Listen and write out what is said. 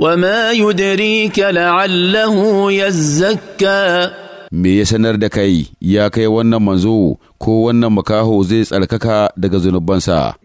وما يدريك لعله يزكى me ya sanar da kai ya kai wannan manzo ko wannan makaho zai tsarkaka daga zunubansa